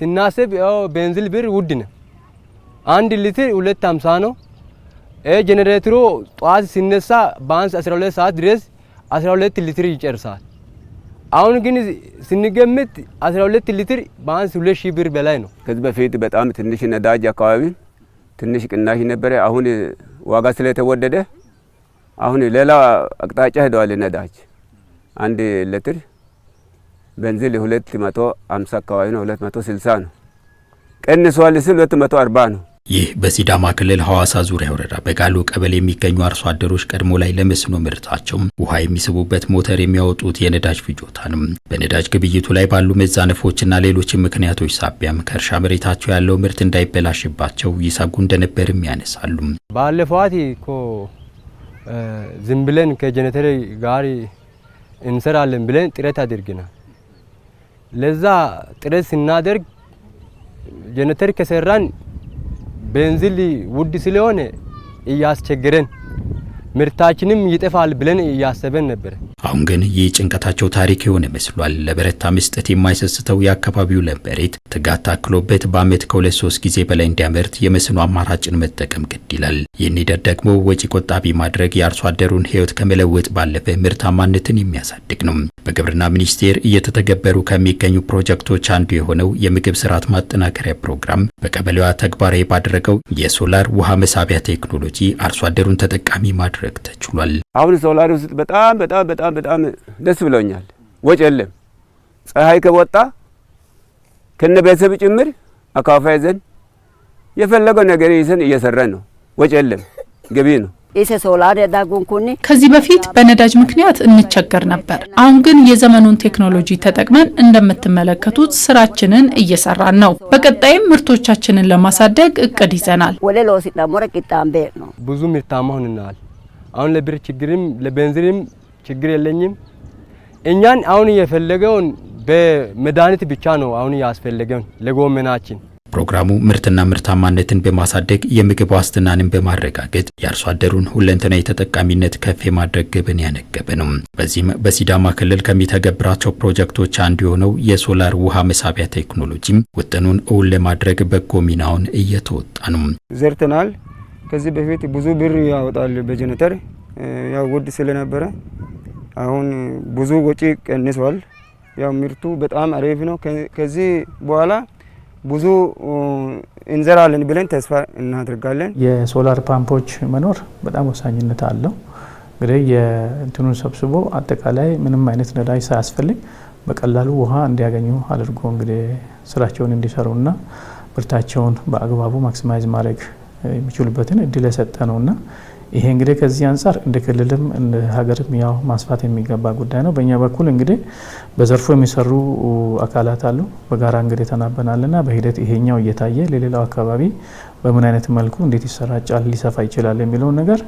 ስናስብ ያው ቤንዚል ብር ውድ ነው። አንድ ሊትር ሁለት ሀምሳ ነው። ጄኔሬተሩ ጠዋት ሲነሳ በአንስ 12 ሰዓት ድረስ 12 ሊትር ይጨርሳል። አሁን ግን ስንገምት 12 ሊትር በአንስ 2000 ብር በላይ ነው። ከዚህ በፊት በጣም ትንሽ ነዳጅ አካባቢ ትንሽ ቅናሽ ነበረ። አሁን ዋጋ ስለተወደደ አሁን ሌላ አቅጣጫ ሄደዋል። ነዳጅ አንድ ሊትር ቤንዚል ሁለት መቶ አካባቢ ነው፣ ሁለት ነው። ቀንሷል ስል ሁለት ነው። ይህ በሲዳማ ክልል ሐዋሳ ዙሪያ ወረዳ በጋሎ ቀበሌ የሚገኙ አርሶ አደሮች ቀድሞ ላይ ለመስኖ ምርታቸው ውሃ የሚስቡበት ሞተር የሚያወጡት የነዳጅ ፍጆታ ነው በነዳጅ ግብይቱ ላይ ባሉ መዛነፎችና ሌሎች ምክንያቶች ሳቢያም ከእርሻ መሬታቸው ያለው ምርት እንዳይበላሽባቸው ይሰጉ እንደነበርም ያነሳሉ። ባለፈዋት እኮ ዝም ብለን ከጀነተሪ ጋር እንሰራለን ብለን ጥረት አድርገናል። ለዛ ጥረት ስናደርግ ጀነተር ከሰራን ቤንዚል ውድ ስለሆነ እያስቸገረን ምርታችንም ይጠፋል ብለን እያሰበን ነበር። አሁን ግን ይህ ጭንቀታቸው ታሪክ የሆነ መስሏል። ለበረታ መስጠት የማይሰስተው የአካባቢው ለም ትጋት ታክሎበት በዓመት ከሁለት ሶስት ጊዜ በላይ እንዲያመርት የመስኖ አማራጭን መጠቀም ግድ ይላል። ይህን ሂደት ደግሞ ወጪ ቆጣቢ ማድረግ የአርሶ አደሩን ህይወት ከመለወጥ ባለፈ ምርታማነትን የሚያሳድግ ነው። በግብርና ሚኒስቴር እየተተገበሩ ከሚገኙ ፕሮጀክቶች አንዱ የሆነው የምግብ ስርዓት ማጠናከሪያ ፕሮግራም በቀበሌዋ ተግባራዊ ባደረገው የሶላር ውሃ መሳቢያ ቴክኖሎጂ አርሶ አደሩን ተጠቃሚ ማድረግ ተችሏል። አሁን ሶላር ውስጥ በጣም በጣም በጣም በጣም ደስ ብለውኛል። ወጭ የለም። ፀሐይ ከወጣ ከነ ቤተሰብ ጭምር አካፋ ይዘን የፈለገው ነገር ይዘን እየሰራን ነው። ወጭ የለም፣ ገቢ ነው። ከዚህ በፊት በነዳጅ ምክንያት እንቸገር ነበር። አሁን ግን የዘመኑን ቴክኖሎጂ ተጠቅመን እንደምትመለከቱት ስራችንን እየሰራን ነው። በቀጣይም ምርቶቻችንን ለማሳደግ እቅድ ይዘናል። ብዙ ምርታማ ሆነናል። አሁን ለብር ችግርም ለቤንዚንም ችግር የለኝም። እኛን አሁን የፈለገውን በመድኃኒት ብቻ ነው አሁን ያስፈለገውን ለጎመናችን። ፕሮግራሙ ምርትና ምርታማነትን በማሳደግ የምግብ ዋስትናንም በማረጋገጥ የአርሶ አደሩን ሁለንተና የተጠቃሚነት ከፍ የማድረግ ግብን ያነገበ ነው። በዚህም በሲዳማ ክልል ከሚተገብራቸው ፕሮጀክቶች አንዱ የሆነው የሶላር ውሃ መሳቢያ ቴክኖሎጂም ውጥኑን እውን ለማድረግ በጎ ሚናውን እየተወጣ ነው። ዘርተናል። ከዚህ በፊት ብዙ ብር ያወጣል በጀነተር ያው ውድ ስለነበረ አሁን ብዙ ወጪ ቀንሷል። ያው ምርቱ በጣም አሪፍ ነው። ከዚህ በኋላ ብዙ እንዘራለን ብለን ተስፋ እናደርጋለን። የሶላር ፓምፖች መኖር በጣም ወሳኝነት አለው። እንግዲህ የእንትኑን ሰብስቦ አጠቃላይ ምንም አይነት ነዳጅ ሳያስፈልግ በቀላሉ ውሃ እንዲያገኙ አድርጎ እንግዲህ ስራቸውን እንዲሰሩና ምርታቸውን በአግባቡ ማክሲማይዝ ማድረግ የሚችሉበትን እድል የሰጠ ነውና ይሄ እንግዲህ ከዚህ አንጻር እንደ ክልልም እንደ ሀገርም ያው ማስፋት የሚገባ ጉዳይ ነው። በእኛ በኩል እንግዲህ በዘርፉ የሚሰሩ አካላት አሉ። በጋራ እንግዲህ ተናበናልና በሂደት ይሄኛው እየታየ ለሌላው አካባቢ በምን አይነት መልኩ እንዴት ይሰራጫል፣ ሊሰፋ ይችላል የሚለውን ነገር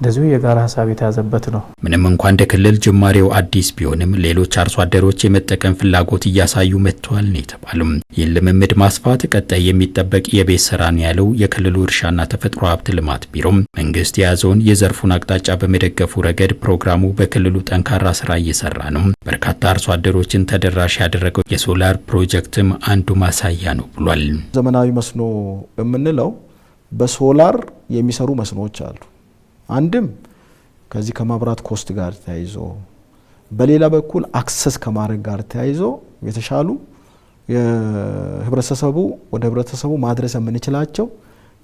እንደዚሁ የጋራ ሀሳብ የተያዘበት ነው። ምንም እንኳ እንደ ክልል ጅማሬው አዲስ ቢሆንም ሌሎች አርሶ አደሮች የመጠቀም ፍላጎት እያሳዩ መጥተዋል ነው የተባሉም። ይህን ልምምድ ማስፋት ቀጣይ የሚጠበቅ የቤት ስራን ያለው የክልሉ እርሻና ተፈጥሮ ሀብት ልማት ቢሮም መንግስት የያዘውን የዘርፉን አቅጣጫ በመደገፉ ረገድ ፕሮግራሙ በክልሉ ጠንካራ ስራ እየሰራ ነው። በርካታ አርሶ አደሮችን ተደራሽ ያደረገው የሶላር ፕሮጀክትም አንዱ ማሳያ ነው ብሏል። ዘመናዊ መስኖ የምንለው በሶላር የሚሰሩ መስኖዎች አሉ። አንድም ከዚህ ከማብራት ኮስት ጋር ተያይዞ በሌላ በኩል አክሰስ ከማድረግ ጋር ተያይዞ የተሻሉ የህብረተሰቡ ወደ ህብረተሰቡ ማድረስ የምንችላቸው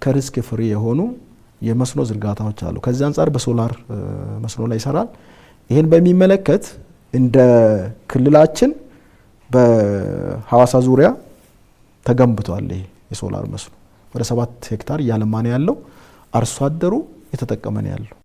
ከሪስክ ፍሪ የሆኑ የመስኖ ዝርጋታዎች አሉ። ከዚህ አንጻር በሶላር መስኖ ላይ ይሰራል። ይህን በሚመለከት እንደ ክልላችን በሐዋሳ ዙሪያ ተገንብቷል። ይሄ የሶላር መስኖ ወደ ሰባት ሄክታር እያለማ ነው ያለው አርሶ አደሩ የተጠቀመን ያለው።